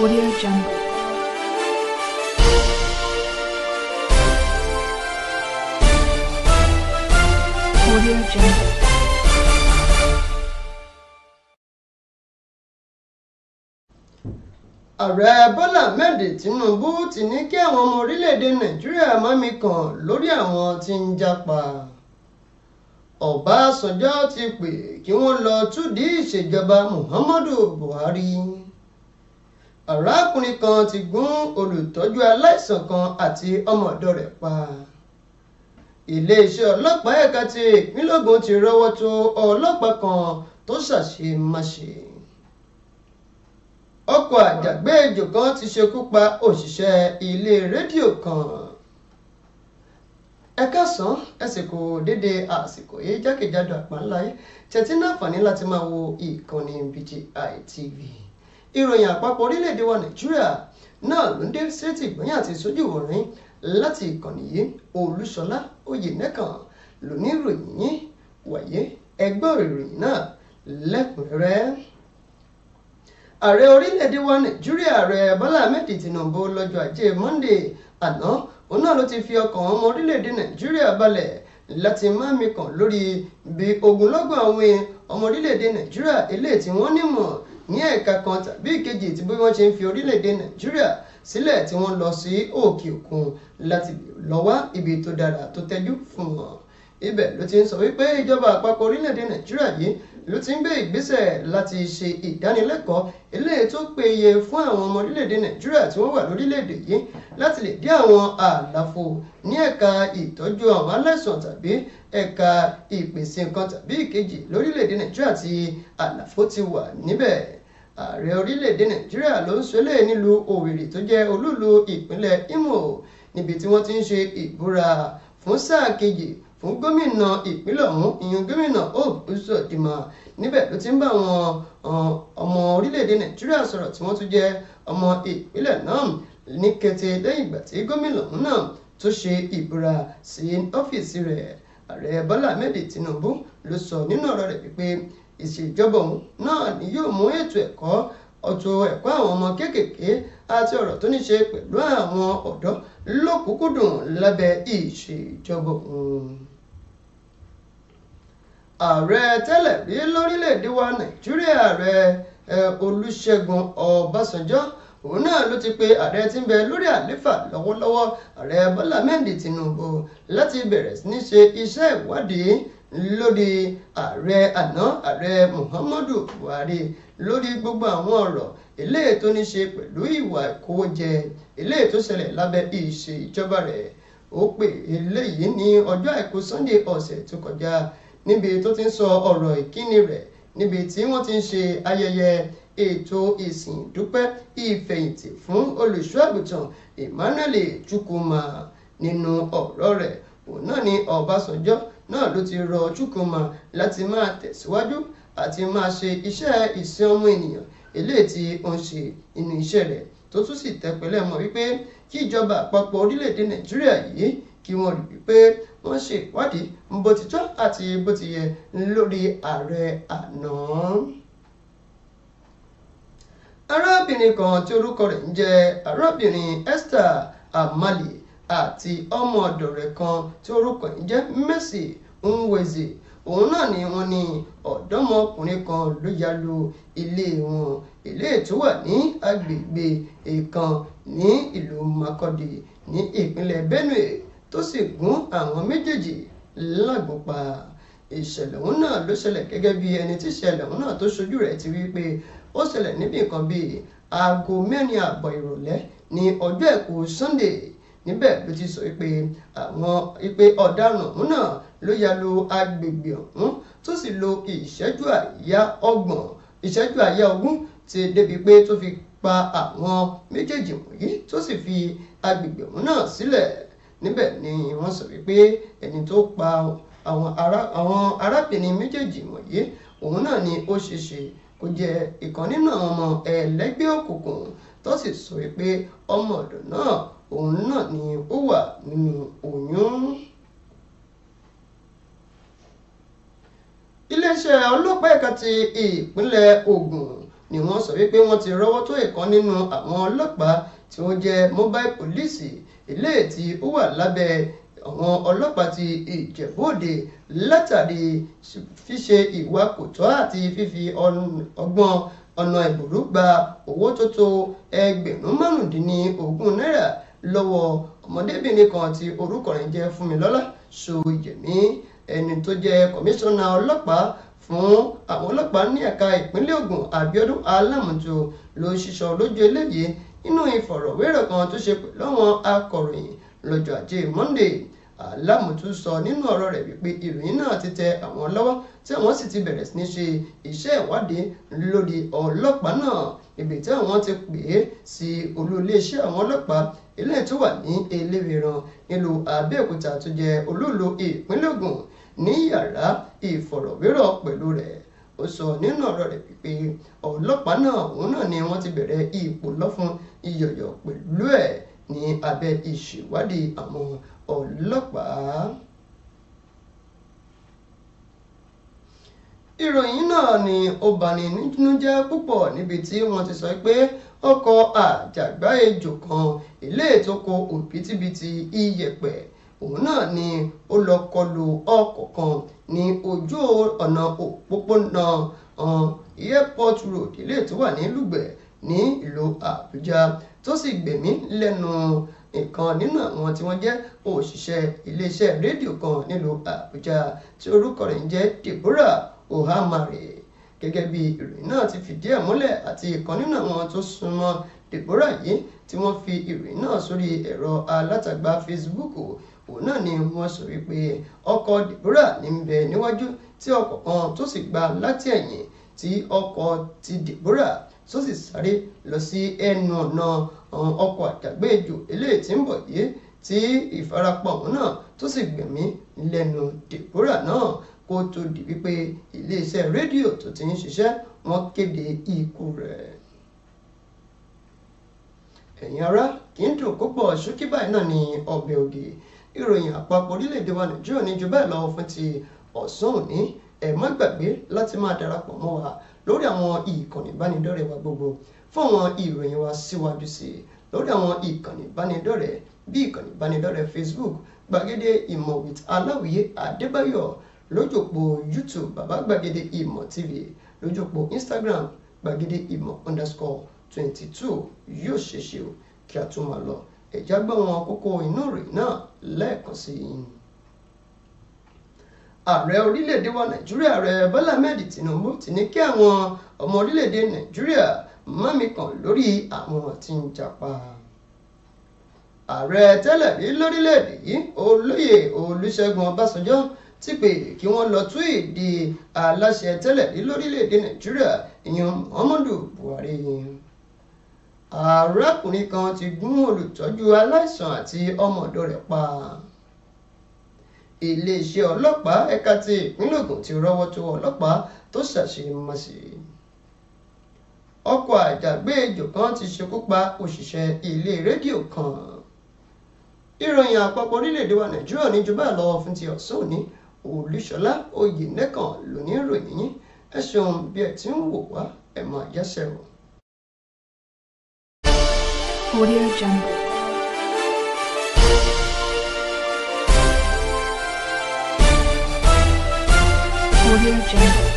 Audio Jungle. Audio Jungle. ààrẹ bọ́lá ahmed tinubu ti ní kí àwọn ọmọ orílẹ̀-èdè nàìjíríà mọ́mi kàn lórí àwọn tí ń japa ọ̀básanjọ́ ti pè kí wọ́n lọ túdìí ìṣèjọba muhammadu buhari arákùnrin kan ti gún olùtọ́jú aláìsàn kan àti ọmọ ọ̀dọ̀ rẹ̀ pa iléeṣẹ́ ọlọ́pàá ẹ̀ka ti ìpínlẹ̀ Ògùn ti rọ́wọ́ tó ọlọ́pàá kan tó ṣàṣemáṣe ọkọ̀ àjàgbéjò kan ti ṣekú pa òṣìṣẹ́ ilé rédíò kan ẹ kásán ẹsìnkò dédé àsìkò yìí jákèjádò àpáńlá yìí tẹ̀tí náà fàní láti máa wo ìkànnì BGI TV ìròyìn àpapọ̀ orílẹ̀-èdè wa nàìjíríà náà ló ń dé sétí ìgbọ́yìn àti ìsojú ìwòrin láti ìkànnì yìí olúṣọlá oyènẹkàn lóní ìròyìn yín wàyé ẹgbọ́n ìròyìn náà lẹ́kùnrẹ́rẹ́ ààrẹ orílẹ̀-èdè wa nàìjíríà ààrẹ bọ́lá ahmed tinubu lọ́jọ́ ajé monde àná òun náà ló ti fi ọkàn ọmọ orílẹ̀-èdè nàìjíríà balẹ̀ láti má mikàn lórí bí ogunlọ́gbọ̀n àwọn ọmọ orílẹ̀-èdè nàìjíríà eléyìí tí wọ́n nímọ̀ ní ẹ̀ka kan tàbí ìkejì ti bí wọ́n ṣe ń fi orílẹ̀-èdè nàìjíríà sílẹ̀ tí wọ́n lọ sí òkè òkun láti lọ wá ibi tó dára tó tẹ́jú fún wọn ibẹ̀ ló ti ń sọ wípé ìjọba àpapọ̀ orílẹ̀-èdè nàìjíríà yìí ló ti ń gbé ìgbésẹ̀ láti ṣe ìdánilẹ́kọ̀ọ́ eléyìí tó péye fún àwọn ọmọ orílẹ̀-èdè nàìjíríà tí wọ́n wà lórílẹ̀-èdè yìí láti lè dí àwọn àlàfo ní ẹ̀ka ìtọ́jú àwọn aláìsàn tàbí ẹ̀ka ìpèsè nǹkan tàbí ìkejì lórílẹ̀-èdè nàìjíríà tí àlàfo ti wà níbẹ̀ ààrẹ orílẹ̀-èdè nàìjíríà ló ń ṣẹlẹ̀ nílùú òwèrè tó jẹ́ olúlu ìpínlẹ̀ imo níbi tí wọ́n ti ń ṣe ìbúra fún sáà kejì fún gómìnà ìpínlẹ̀ ọ̀hún ìyẹn gómìnà hope uzodinma níbẹ̀ ló ti ń bá àwọn ọmọ orílẹ̀-èdè nàìjíríà sọ̀rọ̀ tí wọ́n tún jẹ́ ọmọ ìpínlẹ̀ náà ní kété lẹ́yìn ìgbà tí gómìnà ọ̀hún náà tó ṣe ìbúra sí ọ́fíìsì rẹ̀ ààrẹ bọ́lá ahmed tinubu ló sọ nínú ọ̀rọ̀ rẹ̀ wípé ìṣèjọba òun náà ni yóò mú ètò ẹ̀kọ́ ọ̀tọ̀ ẹ̀kọ́ àwọn ọmọ kéékèèké àti ọ̀rọ̀ tó ní ṣe pẹ̀lú àwọn ọ̀dọ́ lókùnkúndùn lábẹ́ ìṣèjọba òun. ààrẹ tẹ́lẹ̀ rí lórílẹ̀‐èdè wa nàìjíríà ààrẹ olúṣẹ́gun ọbásanjọ́ òun náà ló ti pe ààrẹ tí ń bẹ lórí àléfà lọ́wọ́lọ́wọ́ ààrẹ bọ́lá mẹ́ndì tìǹbù láti bẹ̀rẹ̀ sí ní ṣe iṣẹ́ ìwádìí lórí ààrẹ àná ààrẹ Muhammadu Buhari lórí gbogbo àwọn ọ̀rọ̀ eléyìí tó ní ṣe pẹ̀lú ìwà ìkówójẹ eléyìí tó ṣẹlẹ̀ lábẹ́ ìṣèjọba rẹ̀ ó pè eléyìí ní ọjọ́ àìkú Sunday ọ̀sẹ̀ tó kọjá níbi tó ti ń sọ ọ̀rọ̀ ìkíni rẹ̀ níbi tí wọ́n ti ń ṣe ayẹyẹ ètò ìsìn dúpẹ́ ìfẹ̀yìntì fún olùṣọ́ Emmanuel Chukwuma nínú ọ̀rọ̀ rẹ̀ òun náà ni Ọbásanjọ́ náà ló ti rọ Chukwuma láti máa tẹ̀síwájú àti máa ṣe iṣẹ́ ìsìn ọmọ ènìyàn eléyìí tí ó ń ṣe inú iṣẹ́ rẹ̀ tó tún sì tẹpẹlẹ mọ́ wípé kí ìjọba àpapọ̀ orílẹ̀-èdè Nàìjíríà yìí kí wọ́n rí wípé wọ́n ṣe ìwádìí bó ti tọ́ àti bó ti yẹ lórí ààrẹ àná. arábìnrin kan tí orúkọ rẹ̀ ń jẹ́ arábìnrin Esther Amali àti ọmọ ọ̀dọ̀ rẹ̀ kan tí orúkọ ń jẹ́ Mercy Nwoze òun náà ni wọ́n ní ọ̀dọ́mọkùnrin kan ló ya lu ilé wọn ilé tó wà ní agbègbè èkán ní ìlú Makurdi ní ìpínlẹ̀ Benue tó sì gún àwọn méjèèjì lágbo pa ìṣẹ̀lẹ̀ ọ̀hún náà ló ṣẹlẹ̀ gẹ́gẹ́ bí ẹni tí ìṣẹ̀lẹ̀ ọ̀hún náà tó ṣojú rẹ̀ ti wí ó ṣẹlẹ̀ níbi nǹkan bíi aago mẹ́rin àbọ̀ ìrọ̀lẹ́ ní ọjọ́ àìkú Sunday níbẹ̀ ló ti sọ pé àwọn pé ọ̀daràn ọ̀hún náà ló ya lu agbègbè ọ̀hún tó sì lo ìṣẹ́jú àyá ọgbọ̀n ìṣẹ́jú àyá ogún ti débi pé tó fi pa àwọn méjèèjì wọ̀nyí tó sì fi agbègbè ọ̀hún náà sílẹ̀ níbẹ̀ ni wọ́n sọ wípé ẹni tó pa àwọn arábìnrin méjèèjì wọ̀nyí òun náà ni ó ṣe kò jẹ́ ìkan nínú àwọn ọmọ ẹlẹ́gbẹ́ òkùnkùn tó sì sọ wípé ọmọ ọ̀dọ̀ náà òun náà ni ó wà nínú oyún. iléeṣẹ́ ọlọ́pàá ẹ̀ka ti ìpínlẹ̀ ogun ni wọ́n sọ wípé wọ́n ti rọ́wọ́ tó ìkan nínú àwọn ọlọ́pàá tí wọ́n jẹ́ mobile police eléyìí tí ó wà lábẹ́ àwọn ọlọ́pàá ti ìjẹ̀bọ́dé látàrí fíṣe ìwà kò tọ́ àti fífi ọgbọ́n ọ̀nà ẹ̀bùrú gba owó tó tó ẹgbẹ̀rún márùndínlógún náírà lọ́wọ́ ọmọdébìnrin kan tí orúkọ rẹ̀ jẹ́ Fúnmilọ́lá Ṣóyẹmí ẹni tó jẹ́ kọmíṣánná ọlọ́pàá fún àwọn ọlọ́pàá ní ẹ̀ka ìpínlẹ̀ Ògùn Abíọ́dún Alámùtù ló sísọ lójú eléyìí nínú ìfọ̀rọ̀wérọ̀ kan tó ṣe pẹ̀lú àwọn akọ̀ròyìn lọ́jọ́ ajé Monday alámùtú sọ nínú ọ̀rọ̀ rẹ̀ wípé ìròyìn náà ti tẹ àwọn lọ́wọ́ tí àwọn sì ti bẹ̀rẹ̀ sí ní ṣe iṣẹ́ ìwádìí lórí ọlọ́pàá náà ibi tí àwọn ti pè é sí olú iléeṣẹ́ àwọn ọlọ́pàá eléyìí tó wà ní eléwéran nílùú Abẹ́òkúta tó jẹ́ olóòlò ìpínlẹ̀ Ògùn ní yàrá ìfọ̀rọ̀wérọ̀ pẹ̀lú rẹ̀ ó sọ nínú ọ̀rọ̀ rẹ̀ pé ọlọ́pàá náà òun náà ni wọ́n ti bẹ̀rẹ̀ ipò lọ́fun iyọ̀yọ̀ pẹ̀lú ẹ̀ ní abẹ́ ìṣèwádìí àwọn ọlọ́pàá. ìròyìn náà ni ó bani nínú jẹ́ púpọ̀ níbi tí wọ́n ti sọ pé ọkọ̀ àjàgbá ejò kan ilé ètò kò òbítíbitì iyẹ̀pẹ̀ òun náà ni ó lọ kọlù ọkọ̀ kan ní ojú ọ̀nà òpópónà um, airport road ilé tó wà ní lùgbẹ̀ ní ìlú àbújá tó sì gbẹ̀mí lẹ́nu nìkan nínú àwọn tí wọ́n jẹ́ òṣìṣẹ́ iléeṣẹ́ rédíò kan nílùú àbújá tí orúkọ rẹ̀ ń jẹ́ deborah ohamari gẹ́gẹ́ bí ìròyìn náà ti fìdí ẹ̀ múlẹ̀ àti ìkan nínú àwọn tó súnmọ́ Deborah yìí tí wọ́n fi ìròyìn náà sórí ẹ̀rọ alátagbà Facebook òun náà ni wọ́n sọ wípé ọkọ̀ Deborah ní bẹ níwájú tí ọkọ̀ kan tó sì gba láti ẹ̀yìn tí ọkọ̀ ti Deborah tó sì sáré lọ sí ẹnu ọ̀nà um, ọkọ̀ àdàgbéjò eléyìí tí ń bọ̀ yìí tí ìfarapa òun náà tó sì gbẹ̀mí lẹ́nu Deborah náà kó tó di wípé iléeṣẹ́ rédíò tó ti ń ṣiṣẹ́ wọ́n kéde ikú rẹ̀. ẹ̀yin ará kì í dùn púpọ̀ ṣókí báyìí náà ni ọbẹ̀ ògì ìròyìn àpapọ̀ orílẹ̀-èdè wa nàìjíríà ní ju bẹ́ẹ̀ lọ fún ti ọ̀sán òní ẹ má gbàgbé láti máa darapọ̀ mọ́ wa lórí àwọn ìkànnì ìbánidọ́rẹ̀ẹ́ wa gbogbo fún àwọn ìròyìn wa síwájú sí i lórí àwọn ìkànnì ìbánidọ́rẹ̀ẹ́ bí ìkànnì ìbánidọ́rẹ̀ẹ́ Facebook gbàgede ìmọ̀ with aláwìyé adébáyọ̀ lójúpọ̀ youtube bàbá gbàgede ìmọ̀ tv lójúpọ̀ instagram gbàgede ìmọ̀ underscore twenty two yóò ṣèṣe o kí a tún máa lọ ẹ̀já gbọ́ wọn kókó inú rẹ̀ náà lẹ́ẹ̀kan sí i. ààrẹ orílẹ̀-èdè wa nàìjíríà ààrẹ bọ́lá ahmed tinubu ti ní kí àwọn ọmọ orílẹ̀-èdè nàìjíríà mọ́mí kan lórí àwọn tí ń japa ààrẹ tẹ́lẹ̀ rí lórílẹ̀‐èdè yìí olóyè olúṣẹ́gun ọbásanjọ́ ti pè kí wọ́n lọ tú ìdí aláṣẹ tẹ́lẹ̀ rí lórílẹ̀‐èdè nàìjíríà ìyẹn muhammadu buhari arákùnrin kan ti gún olùtọ́jú aláìsàn àti ọmọ ọ̀dọ̀ rẹ̀ pa iléeṣẹ́ ọlọ́pàá ẹ̀ka ti ìpínlẹ̀ Ògùn ti rọ́wọ́ tó ọlọ́pàá tó ṣàṣemáṣe ọkọ̀ àjàgbéjò kan ti ṣekú pa òṣìṣẹ́ ilé rédíò kan ìròyìn àpapọ̀ orílẹ̀-èdè wa Nàìjíríà ní jù báà ti ọ̀sán òní olúṣọlá oyinẹkan lóní ìròyìn yín ẹ ṣeun bí ẹ ti ń wò wá ẹ mọ àjẹsẹ o. Audio Jungle. Audio Jungle.